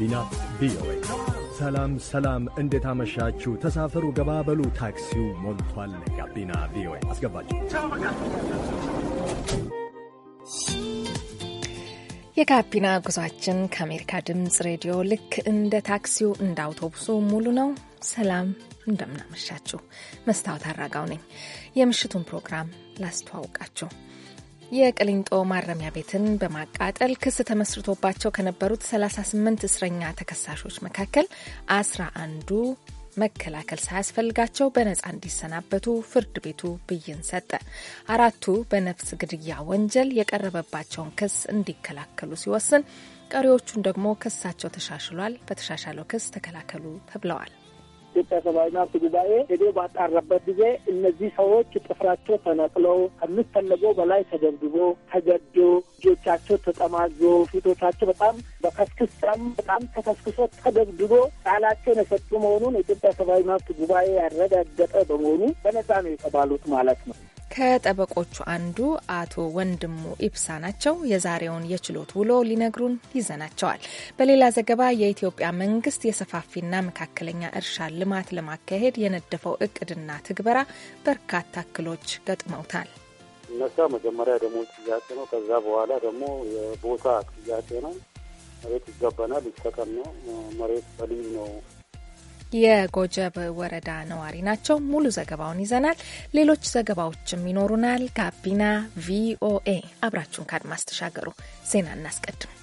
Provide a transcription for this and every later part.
ጋቢና ቪኦኤ። ሰላም ሰላም፣ እንዴት አመሻችሁ? ተሳፈሩ፣ ገባበሉ፣ ታክሲው ሞልቷል። ጋቢና ቪኦኤ አስገባችሁ። የጋቢና ጉዟችን ከአሜሪካ ድምፅ ሬዲዮ ልክ እንደ ታክሲው እንደ አውቶቡሱ ሙሉ ነው። ሰላም እንደምናመሻችሁ። መስታወት አራጋው ነኝ። የምሽቱን ፕሮግራም ላስተዋውቃችሁ። የቅሊንጦ ማረሚያ ቤትን በማቃጠል ክስ ተመስርቶባቸው ከነበሩት 38 እስረኛ ተከሳሾች መካከል አስራ አንዱ መከላከል ሳያስፈልጋቸው በነጻ እንዲሰናበቱ ፍርድ ቤቱ ብይን ሰጠ። አራቱ በነፍስ ግድያ ወንጀል የቀረበባቸውን ክስ እንዲከላከሉ ሲወስን፣ ቀሪዎቹን ደግሞ ክሳቸው ተሻሽሏል፣ በተሻሻለው ክስ ተከላከሉ ተብለዋል። ኢትዮጵያ ሰብአዊ መብት ጉባኤ ሄዶ ባጣራበት ጊዜ እነዚህ ሰዎች ጥፍራቸው ተነቅለው ከሚፈለገው በላይ ተደብድቦ ተገዶ እጆቻቸው ተጠማዞ ፊቶቻቸው በጣም በከስክስም በጣም ተከስክሶ ተደብድቦ ቃላቸውን የሰጡ መሆኑን የኢትዮጵያ ሰብአዊ መብት ጉባኤ ያረጋገጠ በመሆኑ በነጻ ነው የተባሉት ማለት ነው። ከጠበቆቹ አንዱ አቶ ወንድሙ ኢብሳ ናቸው። የዛሬውን የችሎት ውሎ ሊነግሩን ይዘናቸዋል። በሌላ ዘገባ የኢትዮጵያ መንግስት የሰፋፊና መካከለኛ እርሻ ልማት ለማካሄድ የነደፈው እቅድና ትግበራ በርካታ እክሎች ገጥመውታል። እነሳ መጀመሪያ ደግሞ ጥያቄ ነው። ከዛ በኋላ ደግሞ የቦታ ጥያቄ ነው። መሬት ይገባናል፣ ይሰጠን ነው። መሬት በልዩ ነው የጎጀብ ወረዳ ነዋሪ ናቸው። ሙሉ ዘገባውን ይዘናል። ሌሎች ዘገባዎችም ይኖሩናል። ጋቢና ቪኦኤ አብራችሁን ካድማስ ተሻገሩ። ዜና እናስቀድም።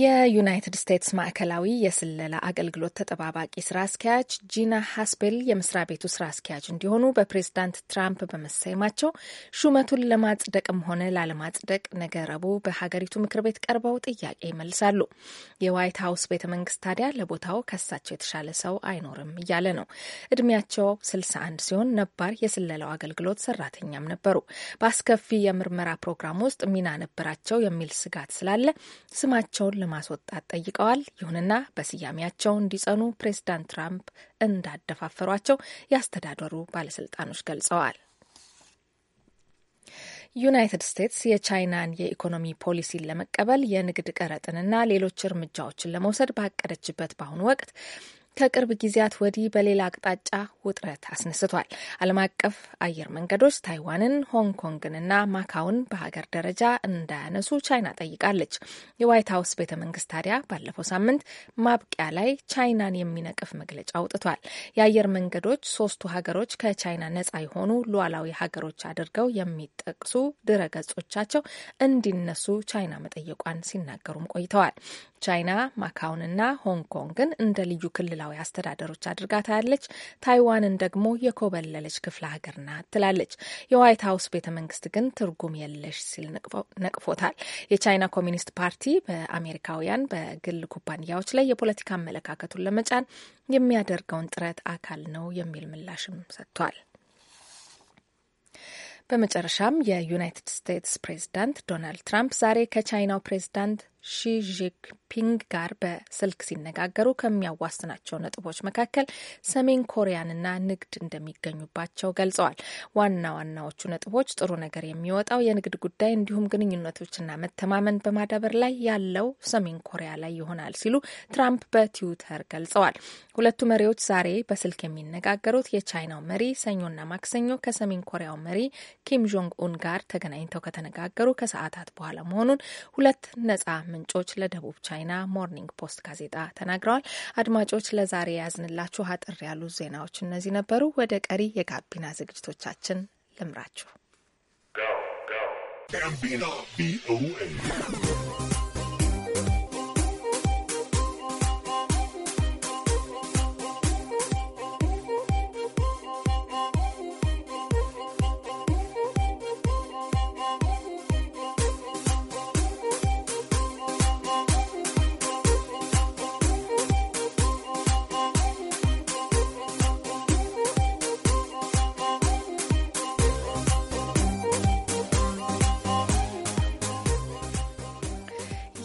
የዩናይትድ ስቴትስ ማዕከላዊ የስለላ አገልግሎት ተጠባባቂ ስራ አስኪያጅ ጂና ሀስቤል የመስሪያ ቤቱ ስራ አስኪያጅ እንዲሆኑ በፕሬዝዳንት ትራምፕ በመሰየማቸው ሹመቱን ለማጽደቅም ሆነ ላለማጽደቅ ነገ ረቡዕ በሀገሪቱ ምክር ቤት ቀርበው ጥያቄ ይመልሳሉ። የዋይት ሀውስ ቤተ መንግስት ታዲያ ለቦታው ከሳቸው የተሻለ ሰው አይኖርም እያለ ነው። እድሜያቸው 61 ሲሆን ነባር የስለላው አገልግሎት ሰራተኛም ነበሩ። በአስከፊ የምርመራ ፕሮግራም ውስጥ ሚና ነበራቸው የሚል ስጋት ስላለ ስማቸውን ለማስወጣት ጠይቀዋል። ይሁንና በስያሜያቸው እንዲጸኑ ፕሬዚዳንት ትራምፕ እንዳደፋፈሯቸው ያስተዳደሩ ባለስልጣኖች ገልጸዋል። ዩናይትድ ስቴትስ የቻይናን የኢኮኖሚ ፖሊሲን ለመቀበል የንግድ ቀረጥንና ሌሎች እርምጃዎችን ለመውሰድ ባቀደችበት በአሁኑ ወቅት ከቅርብ ጊዜያት ወዲህ በሌላ አቅጣጫ ውጥረት አስነስቷል። ዓለም አቀፍ አየር መንገዶች ታይዋንን፣ ሆንግ ኮንግንና ማካውን በሀገር ደረጃ እንዳያነሱ ቻይና ጠይቃለች። የዋይት ሀውስ ቤተ መንግስት ታዲያ ባለፈው ሳምንት ማብቂያ ላይ ቻይናን የሚነቅፍ መግለጫ አውጥቷል። የአየር መንገዶች ሶስቱ ሀገሮች ከቻይና ነጻ የሆኑ ሉዓላዊ ሀገሮች አድርገው የሚጠቅሱ ድረ ገጾቻቸው እንዲነሱ ቻይና መጠየቋን ሲናገሩም ቆይተዋል። ቻይና ማካውንና ሆንግ ኮንግን እንደ ልዩ ክልላዊ አስተዳደሮች አድርጋ ታያለች። ታይዋንን ደግሞ የኮበለለች ክፍለ ሀገር ናት ትላለች። የዋይት ሀውስ ቤተ መንግስት ግን ትርጉም የለሽ ሲል ነቅፎታል። የቻይና ኮሚኒስት ፓርቲ በአሜሪካውያን በግል ኩባንያዎች ላይ የፖለቲካ አመለካከቱን ለመጫን የሚያደርገውን ጥረት አካል ነው የሚል ምላሽም ሰጥቷል። በመጨረሻም የዩናይትድ ስቴትስ ፕሬዚዳንት ዶናልድ ትራምፕ ዛሬ ከቻይናው ፕሬዚዳንት ሺ ጂንፒንግ ጋር በስልክ ሲነጋገሩ ከሚያዋስናቸው ነጥቦች መካከል ሰሜን ኮሪያንና ንግድ እንደሚገኙባቸው ገልጸዋል። ዋና ዋናዎቹ ነጥቦች ጥሩ ነገር የሚወጣው የንግድ ጉዳይ እንዲሁም ግንኙነቶችና መተማመን በማዳበር ላይ ያለው ሰሜን ኮሪያ ላይ ይሆናል ሲሉ ትራምፕ በትዊተር ገልጸዋል። ሁለቱ መሪዎች ዛሬ በስልክ የሚነጋገሩት የቻይናው መሪ ሰኞና ማክሰኞ ከሰሜን ኮሪያው መሪ ኪም ጆንግ ኡን ጋር ተገናኝተው ከተነጋገሩ ከሰዓታት በኋላ መሆኑን ሁለት ነጻ ምንጮች ለደቡብ ቻይና ቻይና ሞርኒንግ ፖስት ጋዜጣ ተናግረዋል። አድማጮች ለዛሬ የያዝንላችሁ አጥር ያሉ ዜናዎች እነዚህ ነበሩ። ወደ ቀሪ የጋቢና ዝግጅቶቻችን ልምራችሁ።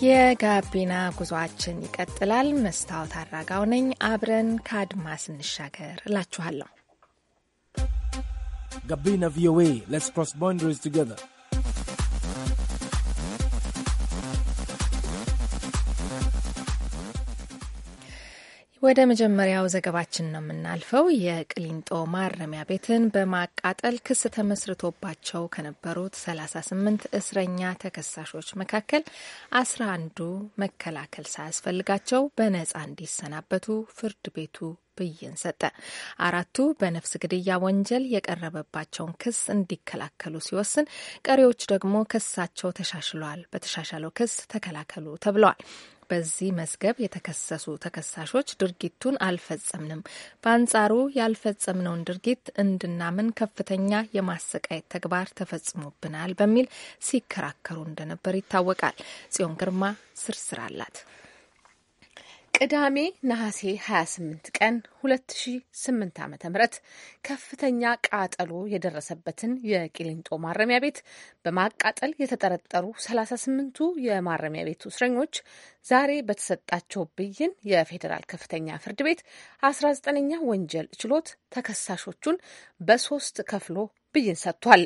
የጋቢና ጉዞአችን ይቀጥላል። መስታወት አራጋው ነኝ። አብረን ከአድማስ እንሻገር እላችኋለሁ። ጋቢና ቪኦኤ ሌትስ ክሮስ ባውንደሪስ ቱጌዘር ወደ መጀመሪያው ዘገባችን ነው የምናልፈው። የቅሊንጦ ማረሚያ ቤትን በማቃጠል ክስ ተመስርቶባቸው ከነበሩት 38 እስረኛ ተከሳሾች መካከል አስራ አንዱ መከላከል ሳያስፈልጋቸው በነጻ እንዲሰናበቱ ፍርድ ቤቱ ብይን ሰጠ። አራቱ በነፍስ ግድያ ወንጀል የቀረበባቸውን ክስ እንዲከላከሉ ሲወስን፣ ቀሪዎች ደግሞ ክሳቸው ተሻሽሏል፣ በተሻሻለው ክስ ተከላከሉ ተብለዋል። በዚህ መዝገብ የተከሰሱ ተከሳሾች ድርጊቱን አልፈጸምንም፣ በአንጻሩ ያልፈጸምነውን ድርጊት እንድናምን ከፍተኛ የማሰቃየት ተግባር ተፈጽሞብናል በሚል ሲከራከሩ እንደነበር ይታወቃል። ጽዮን ግርማ ስርስር አላት። ቅዳሜ ነሐሴ 28 ቀን 2008 ዓ ም ከፍተኛ ቃጠሎ የደረሰበትን የቂሊንጦ ማረሚያ ቤት በማቃጠል የተጠረጠሩ 38ቱ የማረሚያ ቤቱ እስረኞች ዛሬ በተሰጣቸው ብይን የፌዴራል ከፍተኛ ፍርድ ቤት 19ኛ ወንጀል ችሎት ተከሳሾቹን በሶስት ከፍሎ ብይን ሰጥቷል።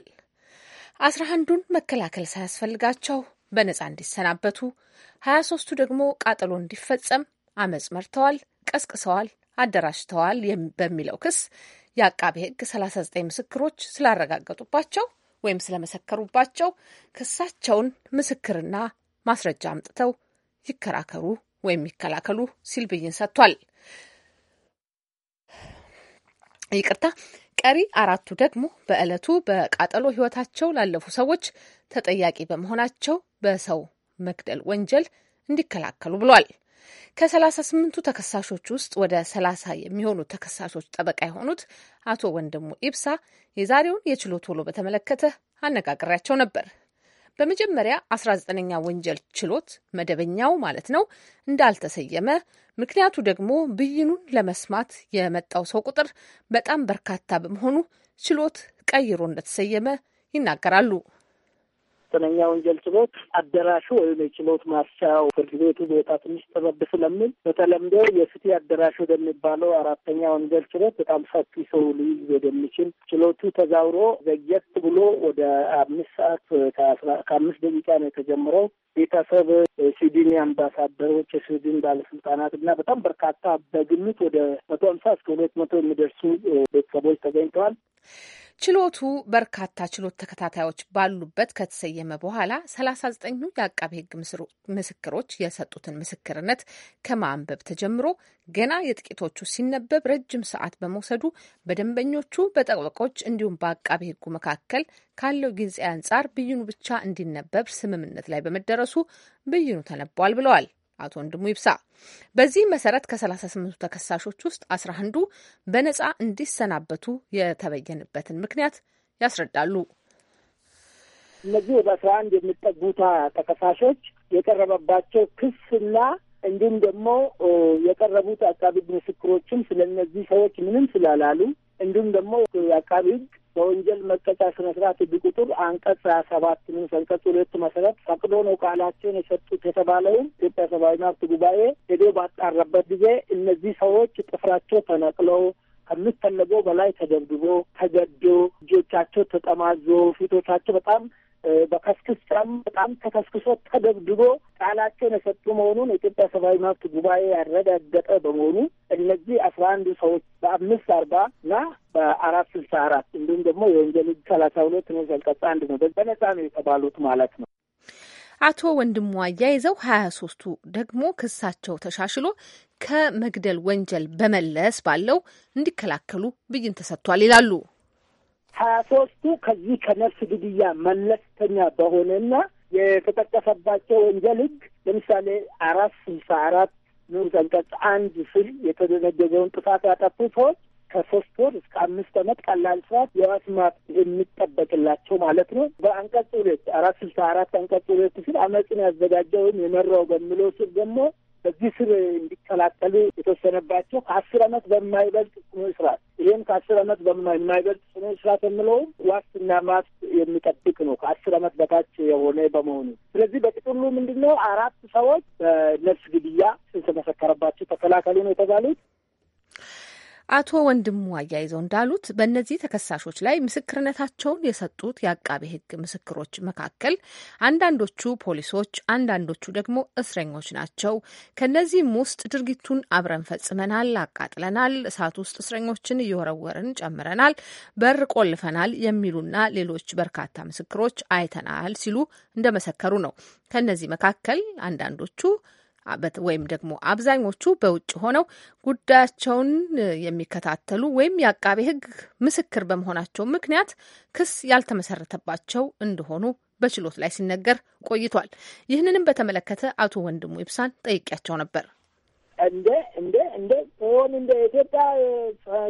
አስራ አንዱን መከላከል ሳያስፈልጋቸው በነጻ እንዲሰናበቱ፣ 23ቱ ደግሞ ቃጠሎ እንዲፈጸም አመፅ መርተዋል፣ ቀስቅሰዋል፣ አደራጅተዋል በሚለው ክስ የአቃቤ ሕግ 39 ምስክሮች ስላረጋገጡባቸው ወይም ስለመሰከሩባቸው ክሳቸውን ምስክርና ማስረጃ አምጥተው ይከራከሩ ወይም ይከላከሉ ሲል ብይን ሰጥቷል። ይቅርታ። ቀሪ አራቱ ደግሞ በዕለቱ በቃጠሎ ህይወታቸው ላለፉ ሰዎች ተጠያቂ በመሆናቸው በሰው መግደል ወንጀል እንዲከላከሉ ብሏል። ከ38ቱ ተከሳሾች ውስጥ ወደ 30 የሚሆኑ ተከሳሾች ጠበቃ የሆኑት አቶ ወንድሙ ኢብሳ የዛሬውን የችሎት ውሎ በተመለከተ አነጋግሬያቸው ነበር። በመጀመሪያ 19ኛ ወንጀል ችሎት መደበኛው ማለት ነው እንዳልተሰየመ፣ ምክንያቱ ደግሞ ብይኑን ለመስማት የመጣው ሰው ቁጥር በጣም በርካታ በመሆኑ ችሎት ቀይሮ እንደተሰየመ ይናገራሉ። መጠነኛ ወንጀል ችሎት አዳራሹ ወይም የችሎት ማርሻው ፍርድ ቤቱ ቦታ ትንሽ ጠበብ ስለሚል በተለምዶ የፍትህ አዳራሹ ወደሚባለው አራተኛ ወንጀል ችሎት በጣም ሰፊ ሰው ሊይዝ ወደሚችል ችሎቱ ተዛውሮ ዘግየት ብሎ ወደ አምስት ሰዓት ከአምስት ደቂቃ ነው የተጀመረው። ቤተሰብ፣ የስዊድን አምባሳደሮች፣ የስዊድን ባለስልጣናት እና በጣም በርካታ በግምት ወደ መቶ ሀምሳ እስከ ሁለት መቶ የሚደርሱ ቤተሰቦች ተገኝተዋል። ችሎቱ በርካታ ችሎት ተከታታዮች ባሉበት ከተሰየመ በኋላ 39ኙ የአቃቤ ሕግ ምስክሮች የሰጡትን ምስክርነት ከማንበብ ተጀምሮ ገና የጥቂቶቹ ሲነበብ ረጅም ሰዓት በመውሰዱ በደንበኞቹ በጠበቆች እንዲሁም በአቃቤ ሕጉ መካከል ካለው ጊዜ አንጻር ብይኑ ብቻ እንዲነበብ ስምምነት ላይ በመደረሱ ብይኑ ተነቧል ብለዋል። አቶ ወንድሙ ይብሳ። በዚህ መሰረት ከ38ቱ ተከሳሾች ውስጥ አስራ አንዱ በነጻ እንዲሰናበቱ የተበየንበትን ምክንያት ያስረዳሉ። እነዚህ ወደ አስራ አንድ የሚጠጉታ ተከሳሾች የቀረበባቸው ክስና እንዲሁም ደግሞ የቀረቡት አቃቢ ሕግ ምስክሮችም ስለነዚህ ሰዎች ምንም ስላላሉ እንዲሁም ደግሞ የአቃቢ ህግ በወንጀል መቀጫ ስነ ስርዓት ሕግ ቁጥር አንቀጽ ሀያ ሰባት ንዑስ አንቀጽ ሁለት መሰረት ፈቅዶ ነው ቃላቸውን የሰጡት የተባለውን ኢትዮጵያ ሰብአዊ መብት ጉባኤ ሄዶ ባጣረበት ጊዜ እነዚህ ሰዎች ጥፍራቸው ተነቅለው ከሚፈለገው በላይ ተደብድቦ ተገዶ እጆቻቸው ተጠማዞ ፊቶቻቸው በጣም በከስክስም በጣም ተከስክሶ ተደብድቦ ቃላቸውን የሰጡ መሆኑን የኢትዮጵያ ሰብአዊ መብት ጉባኤ ያረጋገጠ በመሆኑ እነዚህ አስራ አንድ ሰዎች በአምስት አርባ እና በአራት ስልሳ አራት እንዲሁም ደግሞ የወንጀል ህግ ሰላሳ ሁለት ነው ዘልቀጣ አንድ ነው በነጻ ነው የተባሉት ማለት ነው። አቶ ወንድሙ አያይዘው ሀያ ሶስቱ ደግሞ ክሳቸው ተሻሽሎ ከመግደል ወንጀል በመለስ ባለው እንዲከላከሉ ብይን ተሰጥቷል ይላሉ። ሀያ ሶስቱ ከዚህ ከነፍስ ግድያ መለስተኛ በሆነና የተጠቀሰባቸው ወንጀል ህግ ለምሳሌ አራት ስልሳ አራት ንዑስ አንቀጽ አንድ ስር የተደነገገውን ጥፋት ያጠፉ ሰዎች ከሶስት ወር እስከ አምስት ዓመት ቀላል ስርዓት የዋስ ማት የሚጠበቅላቸው ማለት ነው። በአንቀጽ ሁለት አራት ስልሳ አራት አንቀጽ ሁለት ስር አመፅን ያዘጋጀውን የመራው በሚለው ስር ደግሞ በዚህ ስር እንዲቀላቀሉ የተወሰነባቸው ከአስር ዓመት በማይበልጥ ጽኑ እስራት ይህም ከአስር ዓመት በማይበልጥ ጽኑ እስራት የምለውም ዋስትና መብት የሚጠብቅ ነው ከአስር ዓመት በታች የሆነ በመሆኑ። ስለዚህ በጥቅሉ ምንድነው አራት ሰዎች በነፍስ ግድያ ስንስ መሰከረባቸው ተከላከሉ ነው የተባሉት። አቶ ወንድሙ አያይዘው እንዳሉት በእነዚህ ተከሳሾች ላይ ምስክርነታቸውን የሰጡት የአቃቤ ሕግ ምስክሮች መካከል አንዳንዶቹ ፖሊሶች፣ አንዳንዶቹ ደግሞ እስረኞች ናቸው። ከእነዚህም ውስጥ ድርጊቱን አብረን ፈጽመናል፣ አቃጥለናል፣ እሳት ውስጥ እስረኞችን እየወረወርን ጨምረናል፣ በር ቆልፈናል የሚሉና ሌሎች በርካታ ምስክሮች አይተናል ሲሉ እንደመሰከሩ ነው። ከእነዚህ መካከል አንዳንዶቹ ወይም ደግሞ አብዛኞቹ በውጭ ሆነው ጉዳያቸውን የሚከታተሉ ወይም የአቃቤ ሕግ ምስክር በመሆናቸው ምክንያት ክስ ያልተመሰረተባቸው እንደሆኑ በችሎት ላይ ሲነገር ቆይቷል። ይህንንም በተመለከተ አቶ ወንድሙ ይብሳን ጠይቄያቸው ነበር። እንደ እንደ እንደ ሆን እንደ ኢትዮጵያ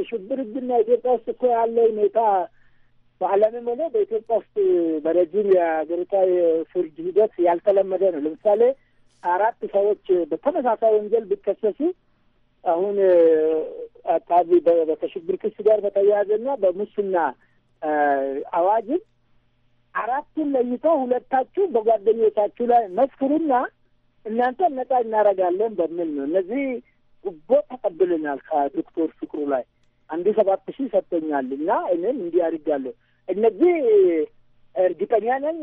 ሽብር ሕግና ኢትዮጵያ ውስጥ እኮ ያለ ሁኔታ በዓለምም ሆነ በኢትዮጵያ ውስጥ በረጅም የሀገሪታዊ ፍርድ ሂደት ያልተለመደ ነው። ለምሳሌ አራት ሰዎች በተመሳሳይ ወንጀል ቢከሰሱ አሁን አቃቢ ከሽብር ክስ ጋር በተያያዘና በሙስና አዋጅም አራቱን ለይቶ ሁለታችሁ በጓደኞቻችሁ ላይ መስክሩና እናንተ ነጻ እናደርጋለን በሚል ነው። እነዚህ ጉቦ ተቀብልናል ከዶክተር ፍቅሩ ላይ አንዱ ሰባት ሺህ ሰጥቶኛል እና እኔም እንዲህ አድርጋለሁ እነዚህ እርግጠኛ ነኝ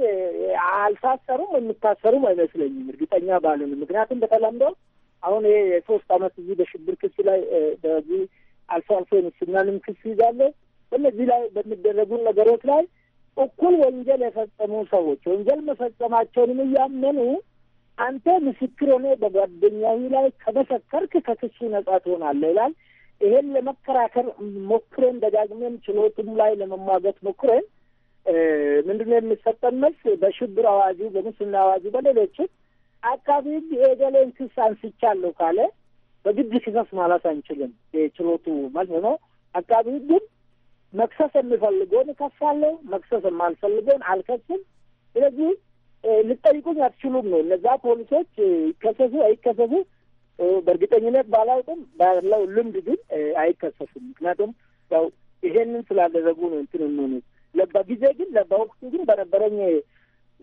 አልታሰሩም፣ የምታሰሩም አይመስለኝም። እርግጠኛ ባልሆንም ምክንያቱም በተለምዶ አሁን ይሄ የሶስት አመት እዚህ በሽብር ክስ ላይ በዚህ አልፎ አልፎ የሙስናንም ክስ ይዛለ በነዚህ ላይ በሚደረጉ ነገሮች ላይ እኩል ወንጀል የፈጸሙ ሰዎች ወንጀል መፈጸማቸውንም እያመኑ አንተ ምስክር ሆነ በጓደኛዊ ላይ ከመሰከርክ ከክሱ ነጻ ትሆናለህ ይላል። ይሄን ለመከራከር ሞክረን ደጋግመን ችሎቱም ላይ ለመሟገት ሞክረን ምንድነው የሚሰጠን መልስ? በሽብር አዋጁ፣ በሙስና አዋጁ፣ በሌሎችም አካባቢ ሕግ የገሌን ክስ አንስቻለሁ ካለ በግድ ክሰስ ማለት አንችልም። የችሎቱ መልስ ነው። አካባቢ ሕግም መክሰስ የሚፈልገውን እከሳለሁ፣ መክሰስ የማልፈልገውን አልከስም። ስለዚህ ልጠይቁኝ አትችሉም ነው። እነዛ ፖሊሶች ይከሰሱ አይከሰሱ በእርግጠኝነት ባላውቅም ባለው ልምድ ግን አይከሰሱም። ምክንያቱም ያው ይሄንን ስላደረጉ ነው እንትን የሚሆኑት በጊዜ ግን በወቅቱ ግን በነበረኝ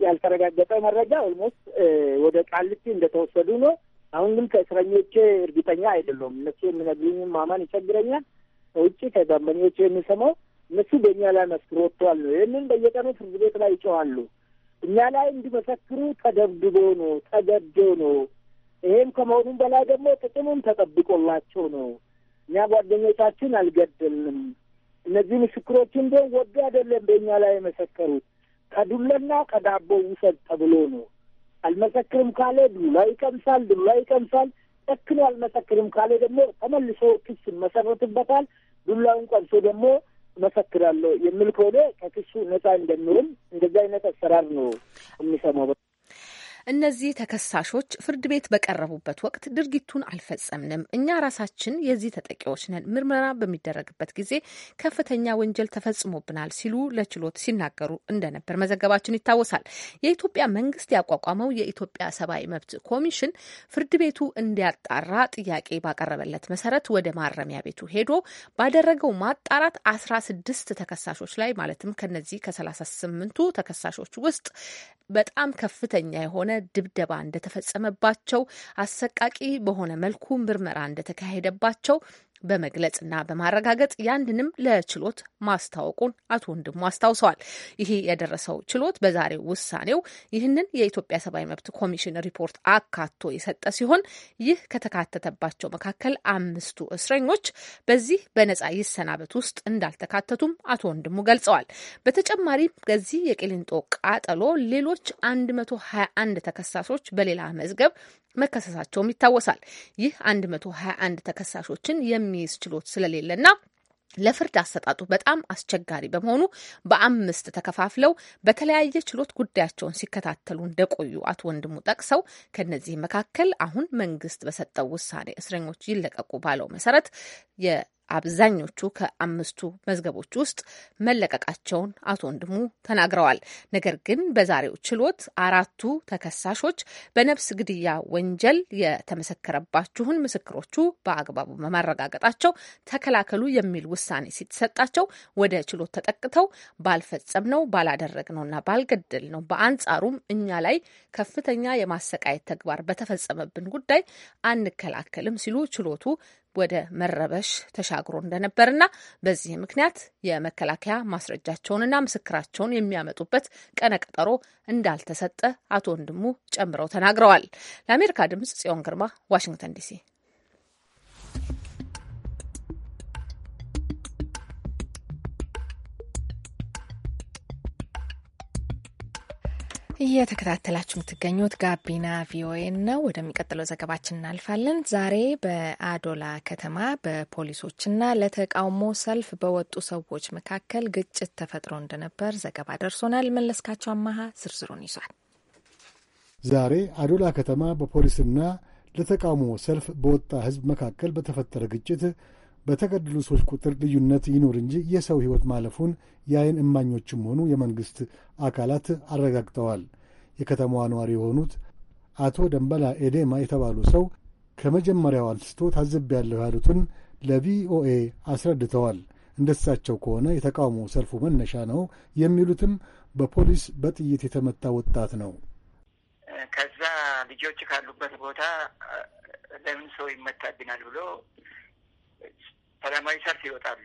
ያልተረጋገጠ መረጃ ኦልሞስት ወደ ቃልቲ እንደተወሰዱ ነው። አሁን ግን ከእስረኞቼ እርግጠኛ አይደለሁም። እነሱ የሚነግሩኝም ማማን ይቸግረኛል። ከውጭ ከደንበኞቼ የሚሰማው እነሱ በእኛ ላይ መስክሮ ወጥተዋል ነው። ይህንን በየቀኑ ፍርድ ቤት ላይ ይጮዋሉ። እኛ ላይ እንዲመሰክሩ ተደብድቦ ነው፣ ተገዶ ነው። ይሄም ከመሆኑም በላይ ደግሞ ጥቅሙም ተጠብቆላቸው ነው። እኛ ጓደኞቻችን አልገደልንም እነዚህ ምስክሮችን ደ ወዱ አይደለም በእኛ ላይ የመሰከሩት ከዱላና ከዳቦ ውሰድ ተብሎ ነው። አልመሰክርም ካለ ዱላ ይቀምሳል፣ ዱላ ይቀምሳል። ጨክኖ አልመሰክርም ካለ ደግሞ ተመልሶ ክስ መሰረትበታል። ዱላውን ቀምሶ ደግሞ መሰክራለሁ የሚል ከሆነ ከክሱ ነጻ እንደሚሆን እንደዚህ አይነት አሰራር ነው የሚሰማው። እነዚህ ተከሳሾች ፍርድ ቤት በቀረቡበት ወቅት ድርጊቱን አልፈጸምንም፣ እኛ ራሳችን የዚህ ተጠቂዎች ነን፣ ምርመራ በሚደረግበት ጊዜ ከፍተኛ ወንጀል ተፈጽሞብናል ሲሉ ለችሎት ሲናገሩ እንደነበር መዘገባችን ይታወሳል። የኢትዮጵያ መንግስት ያቋቋመው የኢትዮጵያ ሰብአዊ መብት ኮሚሽን ፍርድ ቤቱ እንዲያጣራ ጥያቄ ባቀረበለት መሰረት ወደ ማረሚያ ቤቱ ሄዶ ባደረገው ማጣራት አስራ ስድስት ተከሳሾች ላይ ማለትም ከነዚህ ከሰላሳ ስምንቱ ተከሳሾች ውስጥ በጣም ከፍተኛ የሆነ የሆነ ድብደባ እንደተፈጸመባቸው፣ አሰቃቂ በሆነ መልኩ ምርመራ እንደተካሄደባቸው በመግለጽና በማረጋገጥ ያንድንም ለችሎት ማስታወቁን አቶ ወንድሙ አስታውሰዋል። ይህ የደረሰው ችሎት በዛሬው ውሳኔው ይህንን የኢትዮጵያ ሰብአዊ መብት ኮሚሽን ሪፖርት አካቶ የሰጠ ሲሆን ይህ ከተካተተባቸው መካከል አምስቱ እስረኞች በዚህ በነጻ ይሰናበት ውስጥ እንዳልተካተቱም አቶ ወንድሙ ገልጸዋል። በተጨማሪም ከዚህ የቂሊንጦ ቃጠሎ ሌሎች 121 ተከሳሾች በሌላ መዝገብ መከሰሳቸውም ይታወሳል። ይህ 121 ተከሳሾችን የሚ የሚይዝ ችሎት ስለሌለና ለፍርድ አሰጣጡ በጣም አስቸጋሪ በመሆኑ በአምስት ተከፋፍለው በተለያየ ችሎት ጉዳያቸውን ሲከታተሉ እንደቆዩ አቶ ወንድሙ ጠቅሰው ከእነዚህ መካከል አሁን መንግስት በሰጠው ውሳኔ እስረኞች ይለቀቁ ባለው መሰረት አብዛኞቹ ከአምስቱ መዝገቦች ውስጥ መለቀቃቸውን አቶ ወንድሙ ተናግረዋል። ነገር ግን በዛሬው ችሎት አራቱ ተከሳሾች በነፍስ ግድያ ወንጀል የተመሰከረባችሁን ምስክሮቹ በአግባቡ በማረጋገጣቸው ተከላከሉ የሚል ውሳኔ ሲሰጣቸው ወደ ችሎት ተጠቅተው ባልፈጸምነው፣ ባላደረግነውና ነው በአንጻሩም እኛ ላይ ከፍተኛ የማሰቃየት ተግባር በተፈጸመብን ጉዳይ አንከላከልም ሲሉ ችሎቱ ወደ መረበሽ ተሻግሮ እንደነበርና በዚህ ምክንያት የመከላከያ ማስረጃቸውንና ምስክራቸውን የሚያመጡበት ቀነ ቀጠሮ እንዳልተሰጠ አቶ ወንድሙ ጨምረው ተናግረዋል። ለአሜሪካ ድምጽ ጽዮን ግርማ ዋሽንግተን ዲሲ እየተከታተላችሁ የምትገኙት ጋቢና ቪኦኤ ነው። ወደሚቀጥለው ዘገባችን እናልፋለን። ዛሬ በአዶላ ከተማ በፖሊሶችና ለተቃውሞ ሰልፍ በወጡ ሰዎች መካከል ግጭት ተፈጥሮ እንደነበር ዘገባ ደርሶናል። መለስካቸው አማሃ ዝርዝሩን ይዟል። ዛሬ አዶላ ከተማ በፖሊስና ለተቃውሞ ሰልፍ በወጣ ሕዝብ መካከል በተፈጠረ ግጭት በተገደሉ ሰዎች ቁጥር ልዩነት ይኑር እንጂ የሰው ሕይወት ማለፉን የአይን እማኞችም ሆኑ የመንግሥት አካላት አረጋግጠዋል። የከተማዋ ነዋሪ የሆኑት አቶ ደንበላ ኤዴማ የተባሉ ሰው ከመጀመሪያው አንስቶ ታዝቤያለሁ ያሉትን ለቪኦኤ አስረድተዋል። እንደሳቸው ከሆነ የተቃውሞ ሰልፉ መነሻ ነው የሚሉትም በፖሊስ በጥይት የተመታ ወጣት ነው። ከዛ ልጆች ካሉበት ቦታ ለምን ሰው ይመታብናል ብሎ ሰላማዊ ሰልፍ ይወጣሉ።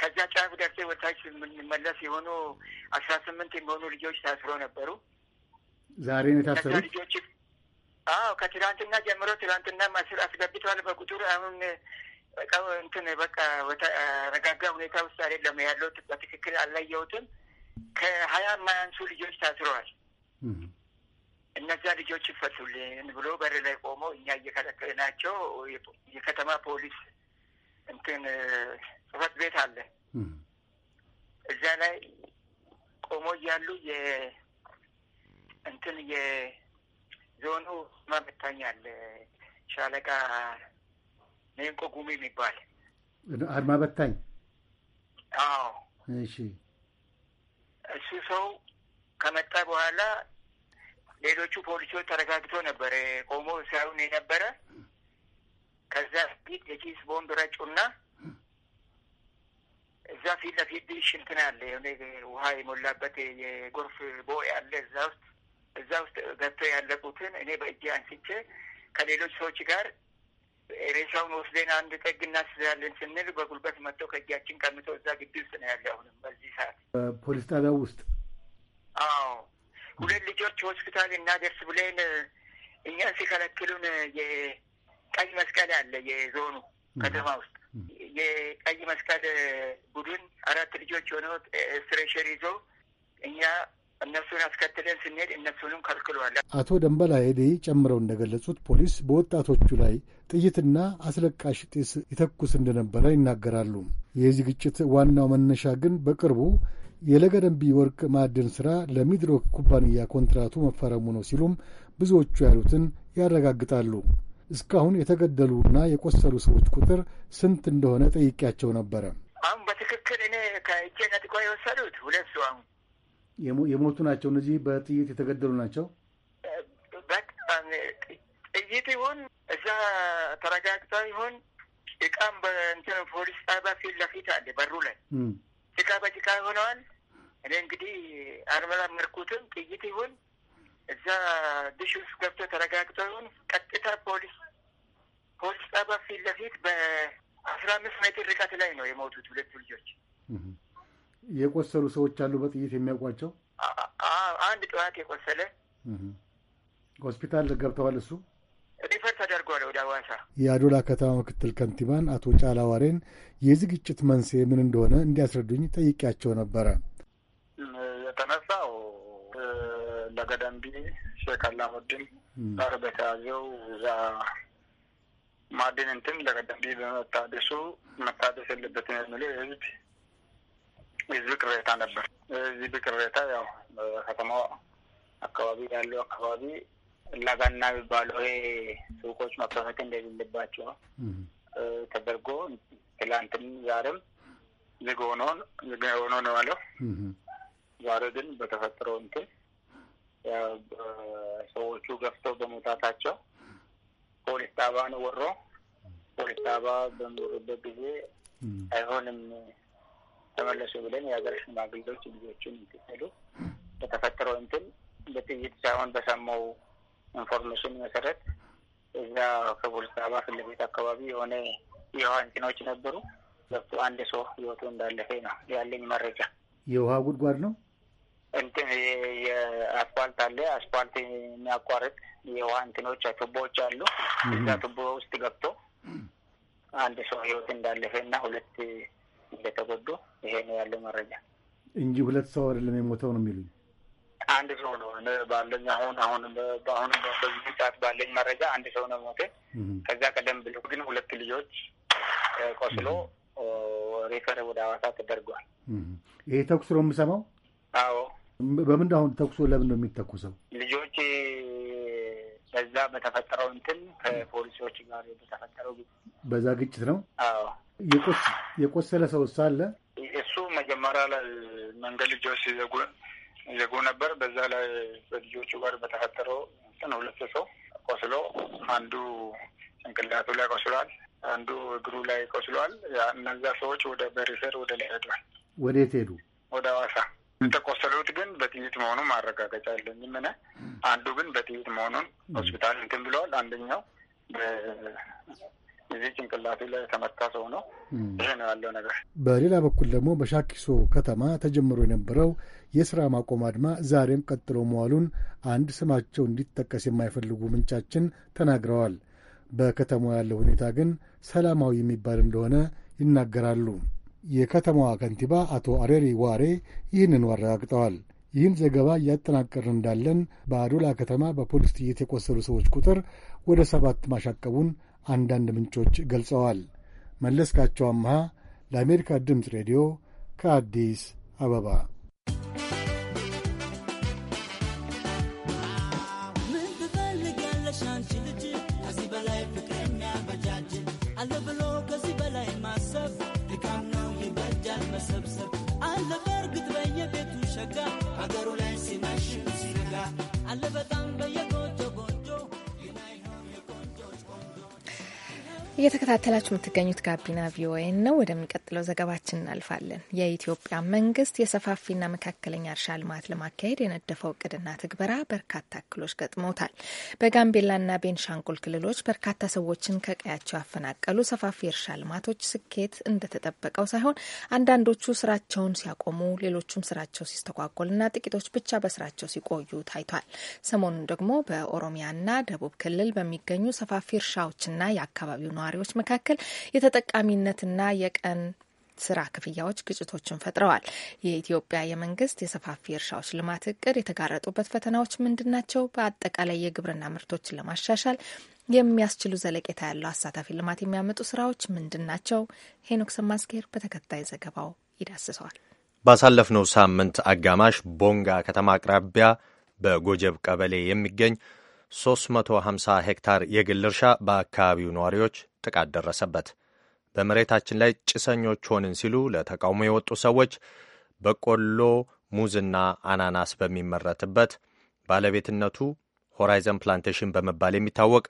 ከዛ ጫፍ ደርሰ ወታች የምንመለስ የሆኑ አስራ ስምንት የሚሆኑ ልጆች ታስሮ ነበሩ። ዛሬ ነው ልጆች። አዎ ከትላንትና ጀምሮ ትላንትና ማስር አስገብተዋል በቁጥር አሁን እንትን በቃ ረጋጋ ሁኔታ ውስጥ አይደለም ያለው። በትክክል አላየሁትም። ከሀያ ማያንሱ ልጆች ታስረዋል። እነዚያ ልጆች ይፈቱልን ብሎ በር ላይ ቆሞ እኛ እየከለከልናቸው የከተማ ፖሊስ እንትን ጽህፈት ቤት አለ። እዛ ላይ ቆሞ እያሉ እንትን የዞኑ አለ። ሻለቃ ሜንቆ ጉሚ የሚባል አድማ በታኝ። አዎ፣ እሺ። እሱ ሰው ከመጣ በኋላ ሌሎቹ ፖሊሶች ተረጋግቶ ነበረ ቆሞ ሲያዩን የነበረ ከዛ ፊት የኪስ ቦምብ ረጩና እዛ ፊት ለፊት ድሽ እንትን አለ የሆነ ውሃ የሞላበት የጎርፍ ቦ አለ እዛ ውስጥ እዛ ውስጥ ገብቶ ያለቁትን እኔ በእጅ አንስቼ ከሌሎች ሰዎች ጋር ሬሳውን ወስደን አንድ ጠግ እናስዛለን ስንል በጉልበት መጥተው ከእጃችን ቀምቶ እዛ ግቢ ውስጥ ነው ያለ አሁንም በዚህ ሰዓት ፖሊስ ጣቢያው ውስጥ። አዎ ሁለት ልጆች ሆስፒታል እናደርስ ብለን እኛ ሲከለክሉን ቀይ መስቀል አለ የዞኑ ከተማ ውስጥ የቀይ መስቀል ቡድን አራት ልጆች ሆነው ስትሬቸር ይዞ እኛ እነሱን አስከትለን ስንሄድ እነሱንም ከልክሏል። አቶ ደንበላ ሄዴ ጨምረው እንደገለጹት ፖሊስ በወጣቶቹ ላይ ጥይትና አስለቃሽ ጢስ ይተኩስ እንደነበረ ይናገራሉ። የዚህ ግጭት ዋናው መነሻ ግን በቅርቡ የለገደንቢ ወርቅ ማዕድን ሥራ ለሚድሮክ ኩባንያ ኮንትራቱ መፈረሙ ነው ሲሉም ብዙዎቹ ያሉትን ያረጋግጣሉ። እስካሁን የተገደሉና የቆሰሉ ሰዎች ቁጥር ስንት እንደሆነ ጠይቄያቸው ነበረ። አሁን በትክክል እኔ ከእጄ ነጥቆ የወሰዱት ሁለት ሰው አሁን የሞቱ ናቸው። እነዚህ በጥይት የተገደሉ ናቸው። ጥይት ይሁን እዛ ተረጋግጠ ይሁን ጭቃም በእንትን ፖሊስ ጣቢያ ፊት ለፊት አለ በሩ ላይ ጭቃ በጭቃ ሆነዋል። እኔ እንግዲህ አልመራመርኩትም። ጥይት ይሁን እዛ ድሽ ገብቶ ተረጋግጠውን ቀጥታ ፖሊስ ፖሊስ ጣቢያ ፊት ለፊት በአስራ አምስት ሜትር ርቀት ላይ ነው የሞቱት ሁለቱ ልጆች። የቆሰሉ ሰዎች አሉ በጥይት የሚያውቋቸው አንድ ጠዋት የቆሰለ ሆስፒታል ገብተዋል። እሱ ሪፈር ተደርጓል ወደ አዋሳ። የአዶላ ከተማ ምክትል ከንቲባን አቶ ጫላ ዋሬን የዝግጭት መንስኤ ምን እንደሆነ እንዲያስረዱኝ ጠይቄያቸው ነበረ። ከላሙድም ጋር በተያዘው እዛ ማዕድን እንትን ለቀደምቢ በመታደሱ መታደስ የለበትም የሚለው የህዝብ የህዝብ ቅሬታ ነበር። የህዝብ ቅሬታ ያው በከተማ አካባቢ ያለው አካባቢ ላጋና የሚባለው ይሄ ሱቆች መከፈት እንደሌለባቸው ተደርጎ ትላንትም ዛሬም ዝግ ሆኖ ዝግ ሆኖ ነው ያለው። ዛሬ ግን በተፈጥሮ እንትን ሰዎቹ ገፍተው በመውጣታቸው ፖሊስ ጣባ ነው ወሮ ፖሊስ ጣባ በሚወሩበት ጊዜ አይሆንም ተመለሱ ብለን የሀገር ሽማግሌዎች ልጆችን እንትሉ በተፈጠረው እንትን በጥይት ሳይሆን በሰማው ኢንፎርሜሽን መሰረት እዛ ከፖሊስ ጣባ ፊት አካባቢ የሆነ የውሃ እንትኖች ነበሩ። ገብቶ አንድ ሰው ህይወቱ እንዳለፈ ነው ያለኝ መረጃ። የውሃ ጉድጓድ ነው እንትን የአስፋልት አለ። አስፋልት የሚያቋርጥ የውሃ እንትኖች ቱቦዎች አሉ። እዛ ቱቦ ውስጥ ገብቶ አንድ ሰው ህይወት እንዳለፈ እና ሁለት እንደተጎዱ ይሄ ነው ያለው መረጃ እንጂ ሁለት ሰው አይደለም የሞተው ነው የሚሉኝ። አንድ ሰው ነው ባለኝ አሁን አሁን በአሁኑ በዚህ ሰዓት ባለኝ መረጃ አንድ ሰው ነው ሞተ። ከዛ ቀደም ብሎ ግን ሁለት ልጆች ቆስሎ ሪፈር ወደ ሐዋሳ ተደርጓል። ይሄ ተኩስ ነው የምሰማው። አዎ በምን አሁን ተኩሶ ለምን ነው የሚተኩሰው? ልጆች በዛ በተፈጠረው እንትን ከፖሊሲዎች ጋር በተፈጠረው በዛ ግጭት ነው። አዎ የቆሰለ ሰው ሳለ እሱ መጀመሪያ ላይ መንገድ ልጆች ዘጉ ነበር። በዛ ላይ በልጆቹ ጋር በተፈጠረው እንትን ሁለት ሰው ቆስሎ አንዱ ጭንቅላቱ ላይ ቆስሏል፣ አንዱ እግሩ ላይ ቆስሏል። እነዛ ሰዎች ወደ በሪፌር ወደ ላይ ሄዷል። ወዴት ሄዱ? ወደ ሐዋሳ የተቆሰሉት ግን በጥይት መሆኑ ማረጋገጫ የለኝም። እኔ አንዱ ግን በጥይት መሆኑን ሆስፒታል እንትን ብለዋል። አንደኛው እዚህ ጭንቅላቱ ላይ የተመታ ሰው ነው። ይሄ ነው ያለው ነገር። በሌላ በኩል ደግሞ በሻኪሶ ከተማ ተጀምሮ የነበረው የስራ ማቆም አድማ ዛሬም ቀጥሎ መዋሉን አንድ ስማቸው እንዲጠቀስ የማይፈልጉ ምንጫችን ተናግረዋል። በከተማው ያለው ሁኔታ ግን ሰላማዊ የሚባል እንደሆነ ይናገራሉ። የከተማዋ ከንቲባ አቶ አሬሪ ዋሬ ይህንን አረጋግጠዋል። ይህን ዘገባ እያጠናቀርን እንዳለን በአዶላ ከተማ በፖሊስ ጥይት የቆሰሉ ሰዎች ቁጥር ወደ ሰባት ማሻቀቡን አንዳንድ ምንጮች ገልጸዋል። መለስካቸው አምሃ ለአሜሪካ ድምፅ ሬዲዮ ከአዲስ አበባ እየተከታተላችሁ የምትገኙት ጋቢና ቪኦኤ ነው። ወደሚቀጥለው ዘገባችን እናልፋለን። የኢትዮጵያ መንግስት የሰፋፊና መካከለኛ እርሻ ልማት ለማካሄድ የነደፈው እቅድና ትግበራ በርካታ እክሎች ገጥመውታል። በጋምቤላና ቤንሻንጉል ክልሎች በርካታ ሰዎችን ከቀያቸው ያፈናቀሉ ሰፋፊ እርሻ ልማቶች ስኬት እንደተጠበቀው ሳይሆን አንዳንዶቹ ስራቸውን ሲያቆሙ፣ ሌሎቹም ስራቸው ሲስተጓጎልና ጥቂቶች ብቻ በስራቸው ሲቆዩ ታይቷል። ሰሞኑን ደግሞ በኦሮሚያና ደቡብ ክልል በሚገኙ ሰፋፊ እርሻዎችና የአካባቢው ነዋሪዎች መካከል የተጠቃሚነትና የቀን ስራ ክፍያዎች ግጭቶችን ፈጥረዋል። የኢትዮጵያ የመንግስት የሰፋፊ እርሻዎች ልማት እቅድ የተጋረጡበት ፈተናዎች ምንድን ናቸው? በአጠቃላይ የግብርና ምርቶችን ለማሻሻል የሚያስችሉ ዘለቄታ ያለው አሳታፊ ልማት የሚያመጡ ስራዎች ምንድን ናቸው? ሄኖክ ሰማስጌር በተከታይ ዘገባው ይዳስሰዋል። ባሳለፍነው ሳምንት አጋማሽ ቦንጋ ከተማ አቅራቢያ በጎጀብ ቀበሌ የሚገኝ 350 ሄክታር የግል እርሻ በአካባቢው ነዋሪዎች ጥቃት ደረሰበት። በመሬታችን ላይ ጭሰኞች ሆንን ሲሉ ለተቃውሞ የወጡ ሰዎች በቆሎ፣ ሙዝና አናናስ በሚመረትበት ባለቤትነቱ ሆራይዘን ፕላንቴሽን በመባል የሚታወቅ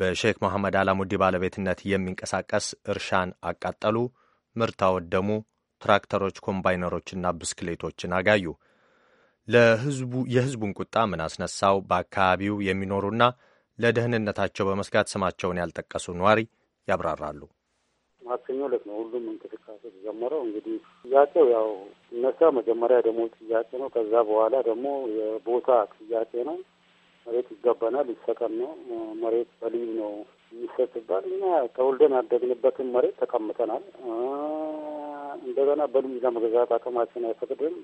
በሼክ መሐመድ አላሙዲ ባለቤትነት የሚንቀሳቀስ እርሻን አቃጠሉ፣ ምርት አወደሙ፣ ትራክተሮች፣ ኮምባይነሮችና ብስክሌቶችን አጋዩ። የህዝቡን ቁጣ ምን አስነሳው? በአካባቢው የሚኖሩና ለደህንነታቸው በመስጋት ስማቸውን ያልጠቀሱ ነዋሪ ያብራራሉ። ማክሰኞ ዕለት ነው ሁሉም እንቅስቃሴ ተጀመረው። እንግዲህ ጥያቄው ያው እነሳ መጀመሪያ ደግሞ ጥያቄ ነው። ከዛ በኋላ ደግሞ የቦታ ጥያቄ ነው። መሬት ይገባናል፣ ይሰጠን ነው። መሬት በልዩ ነው የሚሰጥባል። እኛ ተወልደን ያደግንበትን መሬት ተቀምጠናል። እንደገና በልጅ ለመግዛት አቅማችን አይፈቅድም።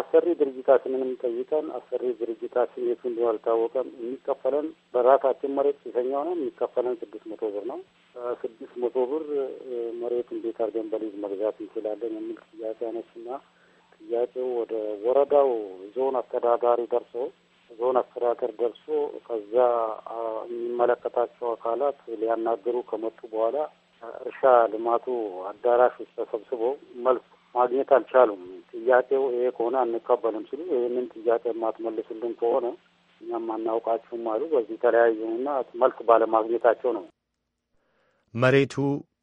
አሰሪ ድርጅታችንንም ጠይቀን አሰሪ ድርጅታችን የቱ እንዲሆን አልታወቀም። የሚከፈለን በራሳችን መሬት ሲሰኛ ሆነ የሚከፈለን ስድስት መቶ ብር ነው። ስድስት መቶ ብር መሬት እንዴት አድርገን በሊዝ መግዛት እንችላለን የሚል ጥያቄ አነሱና ጥያቄው ወደ ወረዳው ዞን አስተዳዳሪ ደርሶ ዞን አስተዳደር ደርሶ ከዛ የሚመለከታቸው አካላት ሊያናገሩ ከመጡ በኋላ እርሻ ልማቱ አዳራሽ ውስጥ ተሰብስቦ መልስ ማግኘት አልቻሉም። ጥያቄው ይሄ ከሆነ አንቀበልም ሲሉ ይህንን ጥያቄ የማትመልስልን ከሆነ እኛም አናውቃችሁም አሉ። በዚህ ተለያዩና መልስ ባለማግኘታቸው ነው መሬቱ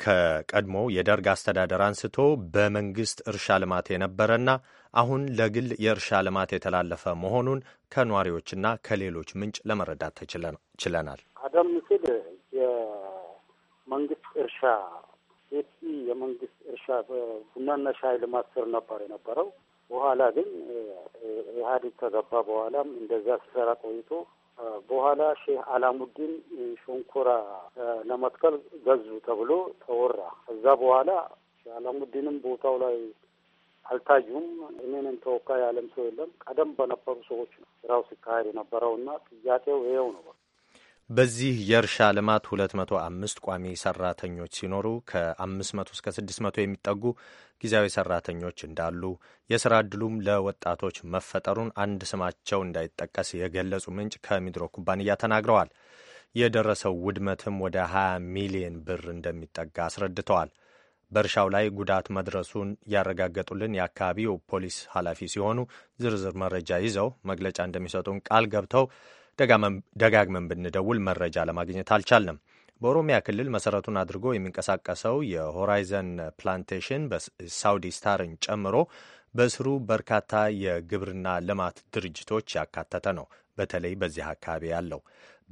ከቀድሞ የደርግ አስተዳደር አንስቶ በመንግስት እርሻ ልማት የነበረና አሁን ለግል የእርሻ ልማት የተላለፈ መሆኑን ከኗሪዎችና ከሌሎች ምንጭ ለመረዳት ችለናል። ቀደም ሲል መንግስት እርሻ ሴፍቲ የመንግስት እርሻ ቡናና ሻይ ልማት ስር ነበር የነበረው። በኋላ ግን ኢህአዴግ ከገባ በኋላም እንደዛ ሲሰራ ቆይቶ በኋላ ሼህ አላሙዲን ሸንኮራ ለመትከል ገዙ ተብሎ ተወራ። ከዛ በኋላ ሼህ አላሙዲንም ቦታው ላይ አልታዩም። እኔንም ተወካይ ያለም ሰው የለም። ቀደም በነበሩ ሰዎች ነው ስራው ሲካሄድ እና ጥያቄው ይኸው ነው። በዚህ የእርሻ ልማት 205 ቋሚ ሰራተኞች ሲኖሩ ከ500 እስከ 600 የሚጠጉ ጊዜያዊ ሰራተኞች እንዳሉ የስራ ዕድሉም ለወጣቶች መፈጠሩን አንድ ስማቸው እንዳይጠቀስ የገለጹ ምንጭ ከሚድሮ ኩባንያ ተናግረዋል። የደረሰው ውድመትም ወደ 20 ሚሊዮን ብር እንደሚጠጋ አስረድተዋል። በእርሻው ላይ ጉዳት መድረሱን ያረጋገጡልን የአካባቢው ፖሊስ ኃላፊ ሲሆኑ ዝርዝር መረጃ ይዘው መግለጫ እንደሚሰጡን ቃል ገብተው ደጋግመን ብንደውል መረጃ ለማግኘት አልቻልንም። በኦሮሚያ ክልል መሰረቱን አድርጎ የሚንቀሳቀሰው የሆራይዘን ፕላንቴሽን በሳውዲ ስታርን ጨምሮ በስሩ በርካታ የግብርና ልማት ድርጅቶች ያካተተ ነው። በተለይ በዚህ አካባቢ ያለው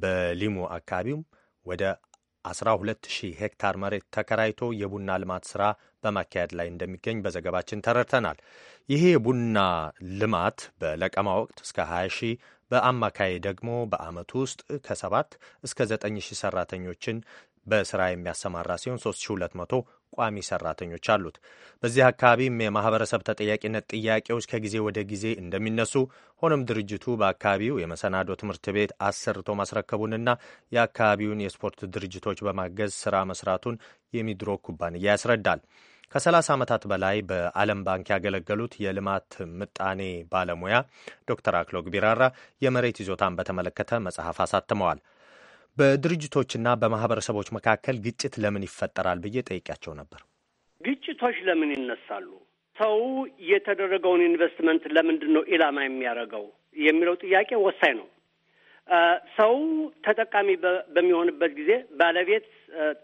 በሊሙ አካባቢውም ወደ 12000 ሄክታር መሬት ተከራይቶ የቡና ልማት ስራ በማካሄድ ላይ እንደሚገኝ በዘገባችን ተረድተናል። ይሄ የቡና ልማት በለቀማ ወቅት እስከ 20 ሺህ በአማካይ ደግሞ በአመቱ ውስጥ ከ7 እስከ 9 ሰራተኞችን በስራ የሚያሰማራ ሲሆን 3200 ቋሚ ሰራተኞች አሉት። በዚህ አካባቢም የማህበረሰብ ተጠያቂነት ጥያቄዎች ከጊዜ ወደ ጊዜ እንደሚነሱ፣ ሆኖም ድርጅቱ በአካባቢው የመሰናዶ ትምህርት ቤት አሰርቶ ማስረከቡንና የአካባቢውን የስፖርት ድርጅቶች በማገዝ ስራ መስራቱን የሚድሮ ኩባንያ ያስረዳል። ከ30 ዓመታት በላይ በዓለም ባንክ ያገለገሉት የልማት ምጣኔ ባለሙያ ዶክተር አክሎግ ቢራራ የመሬት ይዞታን በተመለከተ መጽሐፍ አሳትመዋል። በድርጅቶችና በማህበረሰቦች መካከል ግጭት ለምን ይፈጠራል ብዬ ጠይቂያቸው ነበር። ግጭቶች ለምን ይነሳሉ? ሰው የተደረገውን ኢንቨስትመንት ለምንድን ነው ኢላማ የሚያደርገው የሚለው ጥያቄ ወሳኝ ነው። ሰው ተጠቃሚ በሚሆንበት ጊዜ ባለቤት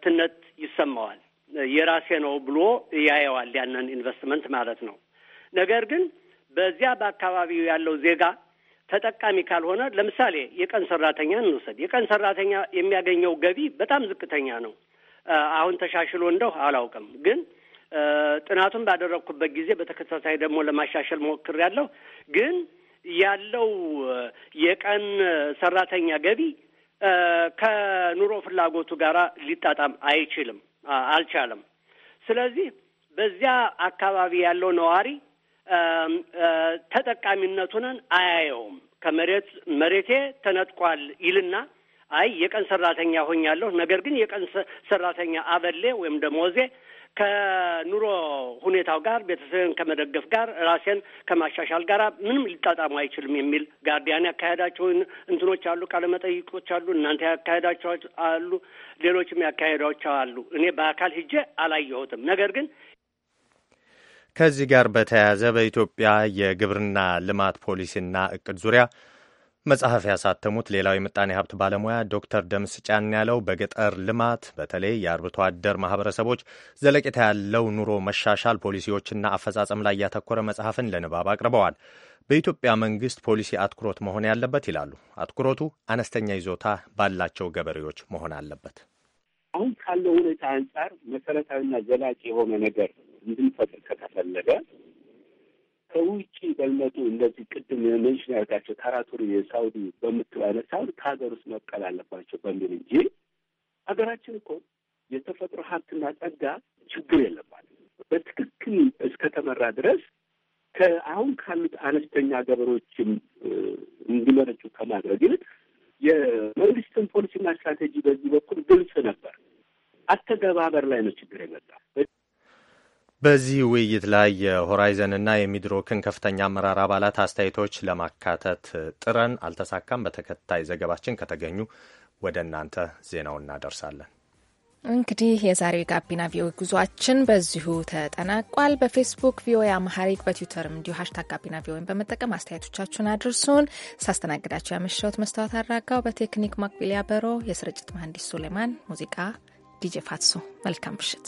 ትነት ይሰማዋል። የራሴ ነው ብሎ ያየዋል፣ ያንን ኢንቨስትመንት ማለት ነው። ነገር ግን በዚያ በአካባቢው ያለው ዜጋ ተጠቃሚ ካልሆነ ለምሳሌ የቀን ሰራተኛ እንውሰድ። የቀን ሰራተኛ የሚያገኘው ገቢ በጣም ዝቅተኛ ነው። አሁን ተሻሽሎ እንደው አላውቅም፣ ግን ጥናቱን ባደረግኩበት ጊዜ በተከታታይ ደግሞ ለማሻሸል ሞክር ያለው ግን ያለው የቀን ሰራተኛ ገቢ ከኑሮ ፍላጎቱ ጋር ሊጣጣም አይችልም፣ አልቻለም። ስለዚህ በዚያ አካባቢ ያለው ነዋሪ ተጠቃሚነቱንን አያየውም። ከመሬት መሬቴ ተነጥቋል ይልና አይ የቀን ሰራተኛ ሆኛለሁ፣ ነገር ግን የቀን ሰራተኛ አበሌ ወይም ደሞዜ ከኑሮ ሁኔታው ጋር ቤተሰብን ከመደገፍ ጋር ራሴን ከማሻሻል ጋር ምንም ሊጣጣሙ አይችልም የሚል ጋርዲያን ያካሄዳቸው እንትኖች አሉ፣ ቃለመጠይቆች አሉ፣ እናንተ ያካሄዳቸው አሉ፣ ሌሎችም ያካሄዳቸው አሉ። እኔ በአካል ሂጄ አላየሁትም። ነገር ግን ከዚህ ጋር በተያያዘ በኢትዮጵያ የግብርና ልማት ፖሊሲና እቅድ ዙሪያ መጽሐፍ ያሳተሙት ሌላው የምጣኔ ሀብት ባለሙያ ዶክተር ደምስ ጫን ያለው በገጠር ልማት በተለይ የአርብቶ አደር ማህበረሰቦች ዘለቄታ ያለው ኑሮ መሻሻል ፖሊሲዎችና አፈጻጸም ላይ ያተኮረ መጽሐፍን ለንባብ አቅርበዋል። በኢትዮጵያ መንግስት ፖሊሲ አትኩሮት መሆን ያለበት ይላሉ። አትኩሮቱ አነስተኛ ይዞታ ባላቸው ገበሬዎች መሆን አለበት። አሁን ካለው ሁኔታ አንጻር መሰረታዊና ዘላቂ የሆነ ነገር እንድንፈቅድ ከተፈለገ ከውጭ በልመጡ እንደዚህ ቅድም መንሽን ያደርጋቸው ታራቱሪ የሳውዲ በምትል አይነት ሳውዲ ከሀገር ውስጥ መቀል አለባቸው በሚል እንጂ ሀገራችን እኮ የተፈጥሮ ሀብትና ጸጋ ችግር የለባትም። በትክክል እስከተመራ ድረስ ከአሁን ካሉት አነስተኛ ገበሬዎችም እንዲመረጩ ከማድረግ ይልቅ የመንግስትን ፖሊሲና ስትራቴጂ በዚህ በኩል ግልጽ ነበር። አተገባበር ላይ ነው ችግር የመጣ በዚህ ውይይት ላይ የሆራይዘንና የሚድሮክን ከፍተኛ አመራር አባላት አስተያየቶች ለማካተት ጥረን አልተሳካም። በተከታይ ዘገባችን ከተገኙ ወደ እናንተ ዜናውን እናደርሳለን። እንግዲህ የዛሬው የጋቢና ቪኦኤ ጉዟችን በዚሁ ተጠናቋል። በፌስቡክ ቪኦኤ አማሐሪክ፣ በትዊተርም እንዲሁ ሀሽታግ ጋቢና ቪኦኤን በመጠቀም አስተያየቶቻችሁን አድርሱን። ሳስተናግዳቸው ያመሸሁት መስታወት አራጋው፣ በቴክኒክ ማቅቢሊያ በሮ፣ የስርጭት መሀንዲስ ሱሌማን፣ ሙዚቃ ዲጄ ፋትሶ። መልካም ምሽት።